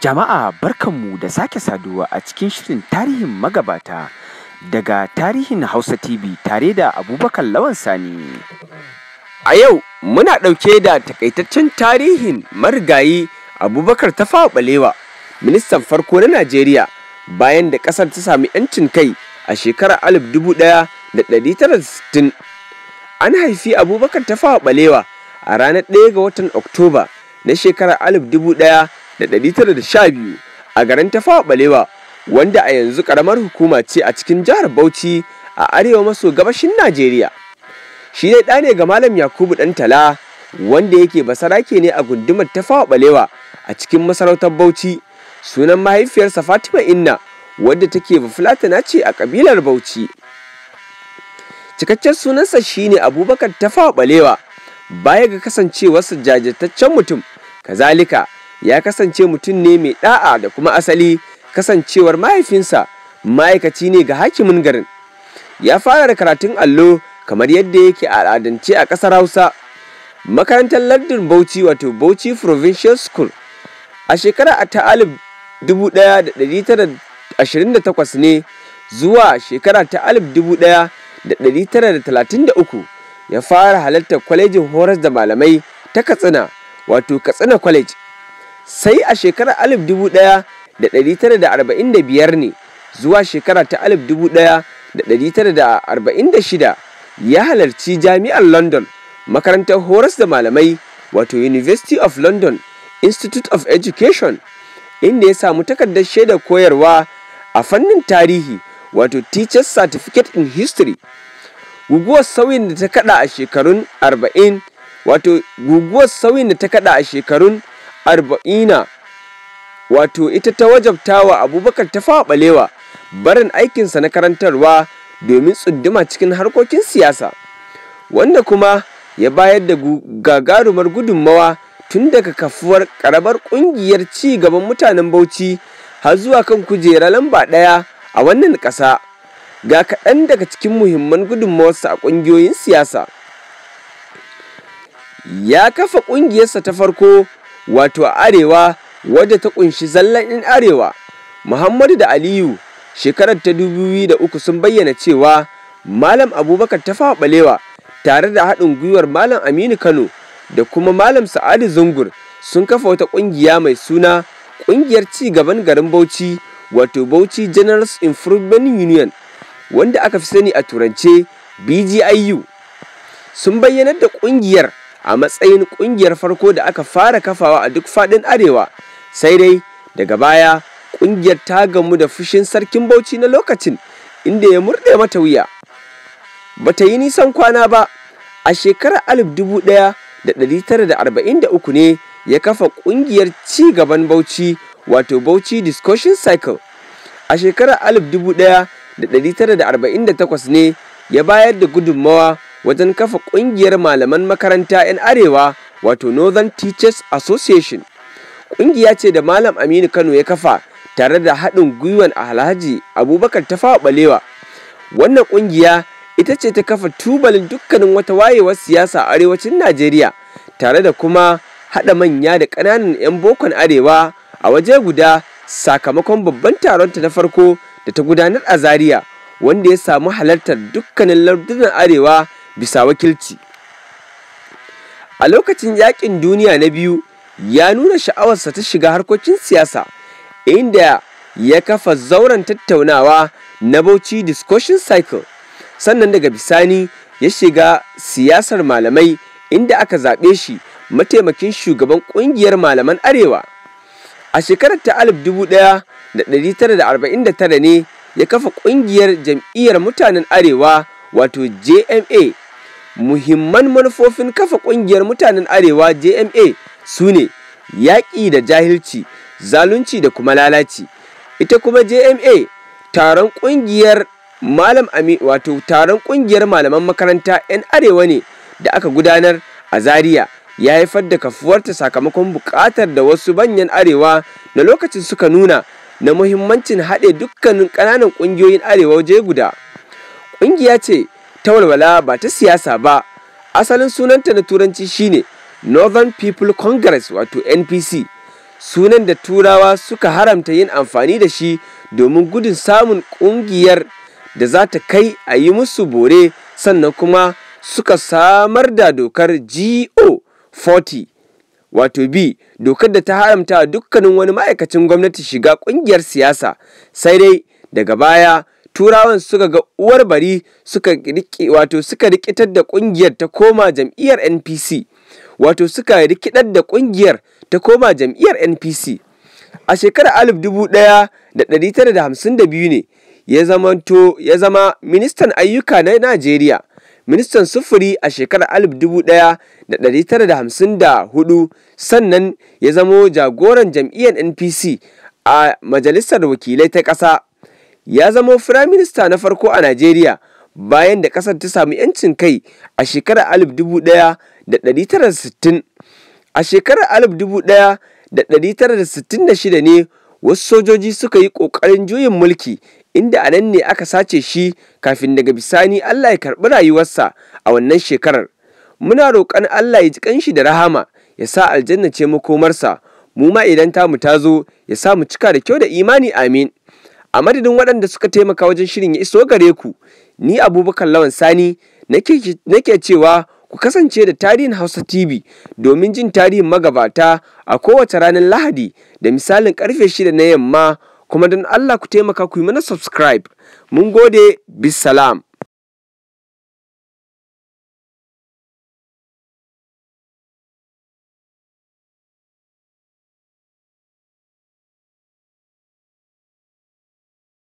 Jama'a barkanmu da sake saduwa a cikin shirin tarihin magabata daga tarihin Hausa TV tare da Abubakar Lawan Sani. A yau muna ɗauke da takaitaccen tarihin marigayi Abubakar Fawa Balewa, ministan farko na Najeriya bayan da ƙasar ta sami 'yancin kai a shekarar 1960. An haifi Abubakar Fawa Balewa a ranar 1 ga watan Oktoba na shekarar 1960. Da biyu, a garin Tafawa Balewa wanda a yanzu karamar hukuma ce a cikin jihar Bauchi a arewa maso gabashin Najeriya. Shi dai da ne ga Malam Yakubu Ɗantala wanda yake basarake ne a gundumar Tafawa Balewa a cikin masarautar Bauchi. Sunan mahaifiyarsa Fatima Inna wadda take bafulatana ce a kabilar Bauchi. Cikakken sunansa shine Abubakar Tafawa Balewa baya ga kasancewarsa jajirtaccen mutum, kazalika ya kasance mutum ne mai da'a da kuma asali kasancewar mahaifinsa ma'aikaci ne ga hakimin garin ya fara da karatun allo kamar yadda yake al'adance a ƙasar hausa makarantar lardin bauchi wato bauchi provincial school a shekara ta 1928 ne zuwa shekara ta alif 1933 ya fara halartar kwalejin horas da malamai ta katsina wato katsina college sai a shekarar 1945 ne zuwa shekara ta 1946 ya halarci jami'ar london makarantar horas da malamai wato university of london institute of education inda ya samu takardar shaidar koyarwa a fannin tarihi wato teachers certificate in history guguwar sauyin da ta kada a shekarun 40 wato guguwar sauyin da ta kada a shekarun arba'ina wato ita ta wajabta wa abubakar ta fawa balewa barin aikinsa na karantarwa domin tsuduma cikin harkokin siyasa wanda kuma ya bayar da gagarumar gudunmawa tun daga kafuwar karamar kungiyar ci gaban mutanen bauchi har zuwa kan kujera lamba ɗaya a wannan ƙasa ga kaɗan daga cikin muhimman gudunmawarsa a ƙungiyoyin siyasa ya kafa ƙungiyarsa ta farko wato arewa wadda ta kunshi zallan in arewa muhammadu da aliyu shekarar ta da uku sun bayyana cewa malam abubakar ta balewa tare da haɗin gwiwar malam aminu kano da kuma malam sa'adu zungur sun kafa wata ƙungiya mai suna ƙungiyar ci gaban garin bauchi wato bauchi generals improvement union wanda aka fi sani a turance bgiu sun bayyanar da ƙungiyar a matsayin ƙungiyar farko da aka fara kafawa a duk faɗin arewa sai dai daga baya ƙungiyar ta gamu da fushin sarkin bauchi na lokacin inda ya murde mata wuya ba ta yi nisan kwana ba a shekarar 1943 ne ya kafa ƙungiyar ci gaban bauchi wato bauchi discussion cycle a shekarar 1948 ne ya bayar da gudunmawa wajen kafa ƙungiyar malaman makaranta 'yan arewa wato northern teachers association ƙungiya ce da malam aminu kano ya kafa tare da haɗin gwiwan alhaji abubakar ta fawa balewa wannan ƙungiya ita ce ta kafa tubalin dukkanin wata wayewar siyasa arewacin najeriya tare da kuma haɗa manya da ƙananan 'yan bokon arewa a waje guda sakamakon babban taronta na farko da ta gudanar a zaria wanda ya samu halartar dukkanin lardunan arewa bisa wakilci a lokacin yakin duniya na biyu ya nuna sha'awarsa ta shiga harkokin siyasa inda ya kafa zauren tattaunawa na Bauchi Discussion Cycle sannan daga bisani ya shiga siyasar malamai inda aka zaɓe shi mataimakin shugaban ƙungiyar malaman arewa a shekarar ta 1949 ne ya kafa ƙungiyar jam'iyyar mutanen arewa wato jma muhimman manufofin kafa ƙungiyar mutanen arewa jma su ne yaƙi da jahilci zalunci da kuma lalaci ita kuma jma taron ƙungiyar malam ami wato taron ƙungiyar malaman makaranta 'yan arewa ne da aka gudanar a zaria ya haifar da kafuwarta sakamakon buƙatar da wasu banyan arewa na lokacin suka nuna na muhimmancin haɗe dukkanin ƙananan ƙungiyoyin arewa waje guda ƙungiya ce ta walwala ba ta siyasa ba asalin sunanta na turanci shine northern people congress wato npc sunan da turawa suka haramta yin amfani da shi domin gudun samun kungiyar da za ta kai a yi musu bore sannan kuma suka samar da dokar go 40 wato b dokar da ta haramta dukkanin wani ma'aikacin gwamnati shiga ƙungiyar siyasa sai dai daga baya turawan suka ga uwar bari suka riƙe wato suka rikitar da ƙungiyar ta koma jam'iyyar npc wato suka rikitar da ƙungiyar ta koma jam'iyyar npc a shekarar biyu ne ya ya zama ministan ayyuka na najeriya ministan sufuri a shekarar 1954 sannan ya zamo jagoran jam'iyyar npc a majalisar wakilai ta ƙasa ya zama firaminista na farko a Najeriya bayan da ƙasar ta samu 'yancin kai a shekarar 1960. A shekarar 1966 ne wasu sojoji suka yi ƙoƙarin juyin mulki inda a nan ne aka sace shi kafin daga bisani Allah ya karɓi rayuwarsa a wannan shekarar. Muna roƙon Allah ya ji ƙanshi da rahama ya sa aljanna ce makomarsa, mu ma idan tamu ta zo ya sa mu cika da kyau da imani amin. a madadin waɗanda suka taimaka wajen shirin ya iso gare ku ni abubakar lawan sani nake cewa ku kasance da tarihin hausa tv domin jin tarihin magabata a kowace ranar lahadi da misalin karfe shida na yamma kuma don allah ku taimaka ku yi mana subscribe mun gode bisalam